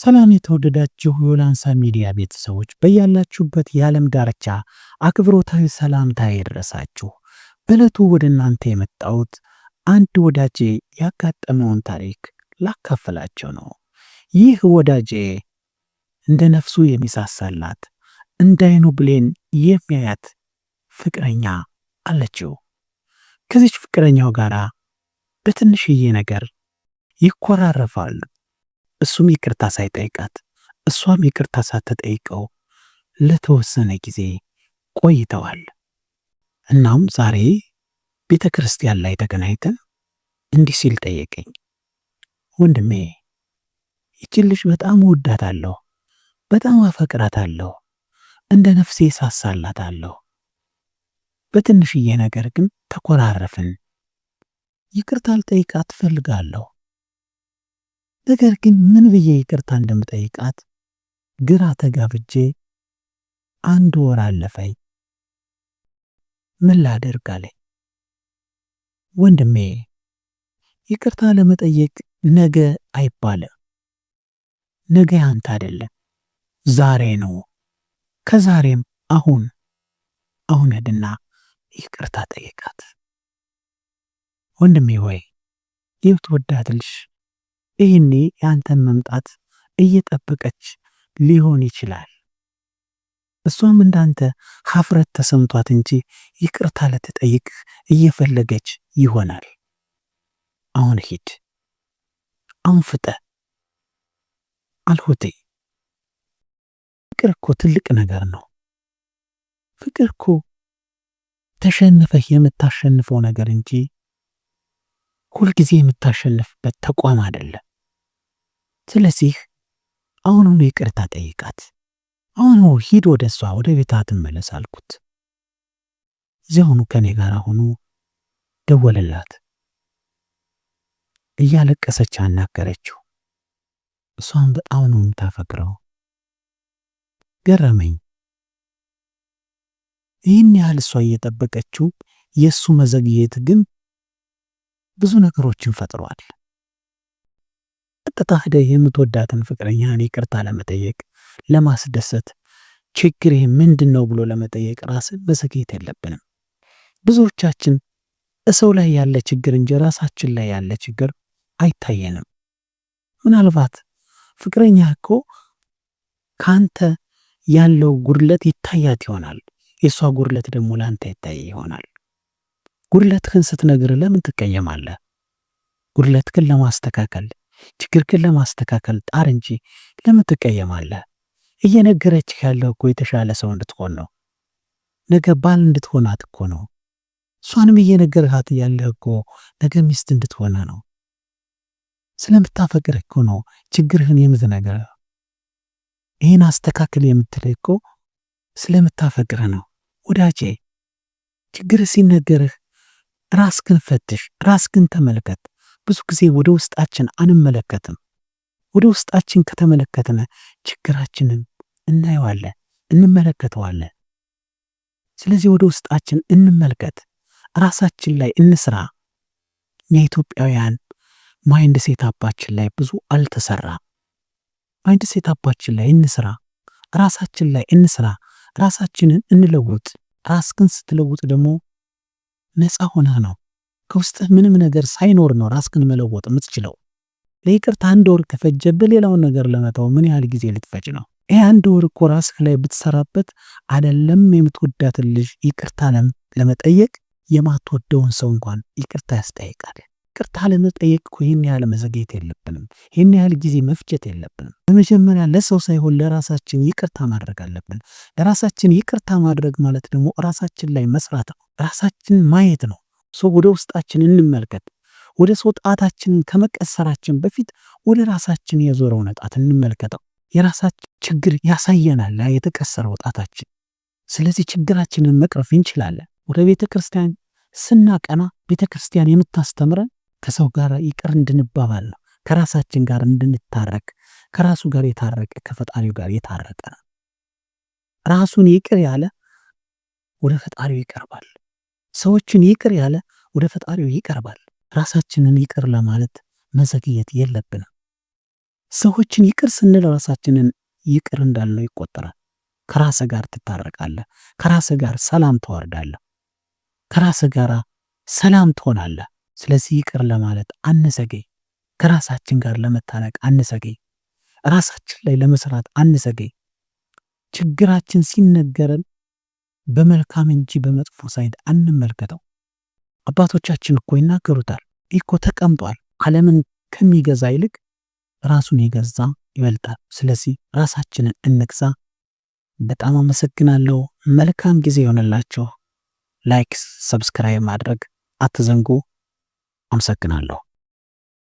ሰላም የተወደዳችሁ የወላንሳ ሚዲያ ቤተሰቦች በያላችሁበት የዓለም ዳርቻ አክብሮታዊ ሰላምታ የደረሳችሁ። በዕለቱ ወደ እናንተ የመጣሁት አንድ ወዳጄ ያጋጠመውን ታሪክ ላካፈላቸው ነው። ይህ ወዳጄ እንደ ነፍሱ የሚሳሳላት እንደ አይኑ ብሌን የሚያያት ፍቅረኛ አለችው። ከዚች ፍቅረኛው ጋር በትንሽዬ ነገር ይኮራረፋሉ። እሱም ይቅርታ ሳይጠይቃት እሷም ይቅርታ ሳትጠይቀው ለተወሰነ ጊዜ ቆይተዋል። እናም ዛሬ ቤተ ክርስቲያን ላይ ተገናኝተን እንዲህ ሲል ጠየቀኝ። ወንድሜ ይችን ልጅ በጣም እወዳታለሁ፣ በጣም አፈቅራታለሁ፣ እንደ ነፍሴ ሳሳላታለሁ። በትንሽዬ ነገር ግን ተኮራረፍን። ይቅርታ ልጠይቃት እፈልጋለሁ። ነገር ግን ምን ብዬ ይቅርታ እንደምጠይቃት ግራ ተጋብጄ አንድ ወር አለፈኝ። ምን ላደርግ አለኝ። ወንድሜ ይቅርታ ለመጠየቅ ነገ አይባልም። ነገ ያንተ አይደለም፣ ዛሬ ነው። ከዛሬም አሁን አሁን ሂድና ይቅርታ ጠይቃት። ወንድሜ ሆይ የምትወዳት ልጅ ይህኔ ያንተን መምጣት እየጠበቀች ሊሆን ይችላል። እሷም እንዳንተ ሀፍረት ተሰምቷት እንጂ ይቅርታ ልትጠይቅ እየፈለገች ይሆናል። አሁን ሂድ፣ አንፍጠ አልሁቴ። ፍቅር እኮ ትልቅ ነገር ነው። ፍቅር እኮ ተሸንፈህ የምታሸንፈው ነገር እንጂ ሁልጊዜ የምታሸንፍበት ተቋም አይደለም። ስለዚህ አሁኑኑ ይቅርታ ጠይቃት፣ አሁኑ ሂድ፣ ወደ እሷ ወደ ቤታ ትመለስ አልኩት። እዚያውኑ ከኔ ጋር ሆኖ ደወለላት። እያለቀሰች አናገረችው። እሷን በጣም ነው የምታፈቅረው። ገረመኝ። ይህን ያህል እሷ እየጠበቀችው የእሱ መዘግየት ግን ብዙ ነገሮችን ፈጥሯል። በቀጥታ ሄደህ የምትወዳትን ፍቅረኛ ይቅርታ ለመጠየቅ ለማስደሰት፣ ችግር ምንድን ነው ብሎ ለመጠየቅ ራስን መዘግየት የለብንም። ብዙዎቻችን እሰው ላይ ያለ ችግር እንጂ ራሳችን ላይ ያለ ችግር አይታየንም። ምናልባት ፍቅረኛ እኮ ከአንተ ያለው ጉድለት ይታያት ይሆናል። የእሷ ጉድለት ደግሞ ለአንተ ይታይ ይሆናል። ጉድለትህን ስትነግር ለምን ትቀየማለህ? ጉድለትህን ለማስተካከል ችግርህን ለማስተካከል ጣር እንጂ ለምን ትቀየማለህ? እየነገረችህ ያለው እኮ የተሻለ ሰው እንድትሆን ነው። ነገ ባል እንድትሆናት እኮ ነው። እሷንም እየነገርሃት ያለህ እኮ ነገ ሚስት እንድትሆነ ነው። ስለምታፈቅርህ እኮ ነው ችግርህን የምትነግርህ። ይህን አስተካክል የምትልህ እኮ ስለምታፈቅርህ ነው። ወዳጄ ችግርህ ሲነገርህ ራስክን ፈትሽ፣ ራስክን ተመልከት። ብዙ ጊዜ ወደ ውስጣችን አንመለከትም። ወደ ውስጣችን ከተመለከትን ችግራችንን እናየዋለን፣ እንመለከተዋለን። ስለዚህ ወደ ውስጣችን እንመልከት፣ ራሳችን ላይ እንስራ። እኛ ኢትዮጵያውያን ማይንድ ሴት አባችን ላይ ብዙ አልተሰራ። ማይንድ ሴት አባችን ላይ እንስራ፣ ራሳችን ላይ እንስራ፣ ራሳችንን እንለውጥ። ራስክን ስትለውጥ ደግሞ ነፃ ሆነህ ነው ከውስጥህ ምንም ነገር ሳይኖር ነው ራስክን መለወጥ የምትችለው። ለይቅርታ አንድ ወር ከፈጀብህ ሌላውን ነገር ለመተው ምን ያህል ጊዜ ልትፈጅ ነው? ይህ አንድ ወር እኮ ራስህ ላይ ብትሰራበት አደለም የምትወዳትን ልጅ ይቅርታ ለመጠየቅ የማትወደውን ሰው እንኳን ይቅርታ ያስጠይቃል። ይቅርታ ለመጠየቅ እኮ ይህን ያህል መዘግየት የለብንም። ይህን ያህል ጊዜ መፍጀት የለብንም። በመጀመሪያ ለሰው ሳይሆን ለራሳችን ይቅርታ ማድረግ አለብን። ለራሳችን ይቅርታ ማድረግ ማለት ደግሞ ራሳችን ላይ መስራት ነው። ራሳችን ማየት ነው። ሰው ወደ ውስጣችን እንመልከት። ወደ ሰው ጣታችንን ከመቀሰራችን በፊት ወደ ራሳችን የዞረውን ጣት እንመልከተው። የራሳችን ችግር ያሳየናል የተቀሰረው ጣታችን። ስለዚህ ችግራችንን መቅረፍ እንችላለን። ወደ ቤተ ክርስቲያን ስናቀና ቤተ ክርስቲያን የምታስተምረን ከሰው ጋር ይቅር እንድንባባል ነው። ከራሳችን ጋር እንድንታረቅ፣ ከራሱ ጋር የታረቀ ከፈጣሪው ጋር የታረቀ ራሱን ይቅር ያለ ወደ ፈጣሪው ይቀርባል። ሰዎችን ይቅር ያለ ወደ ፈጣሪው ይቀርባል። ራሳችንን ይቅር ለማለት መዘግየት የለብንም። ሰዎችን ይቅር ስንል ራሳችንን ይቅር እንዳልነው ይቆጠራል። ከራስ ጋር ትታረቃለህ። ከራስ ጋር ሰላም ትወርዳለህ። ከራስ ጋር ሰላም ትሆናለህ። ስለዚህ ይቅር ለማለት አንዘገይ። ከራሳችን ጋር ለመታረቅ አንዘገይ። ራሳችን ላይ ለመስራት አንዘገይ። ችግራችን ሲነገረን በመልካም እንጂ በመጥፎ ሳይድ አንመልከተው። አባቶቻችን እኮ ይናገሩታል እኮ ተቀምጧል። ዓለምን ከሚገዛ ይልቅ ራሱን የገዛ ይበልጣል። ስለዚህ ራሳችንን እንግዛ። በጣም አመሰግናለሁ። መልካም ጊዜ ይሆንላችሁ። ላይክ፣ ሰብስክራይብ ማድረግ አትዘንጉ። አመሰግናለሁ።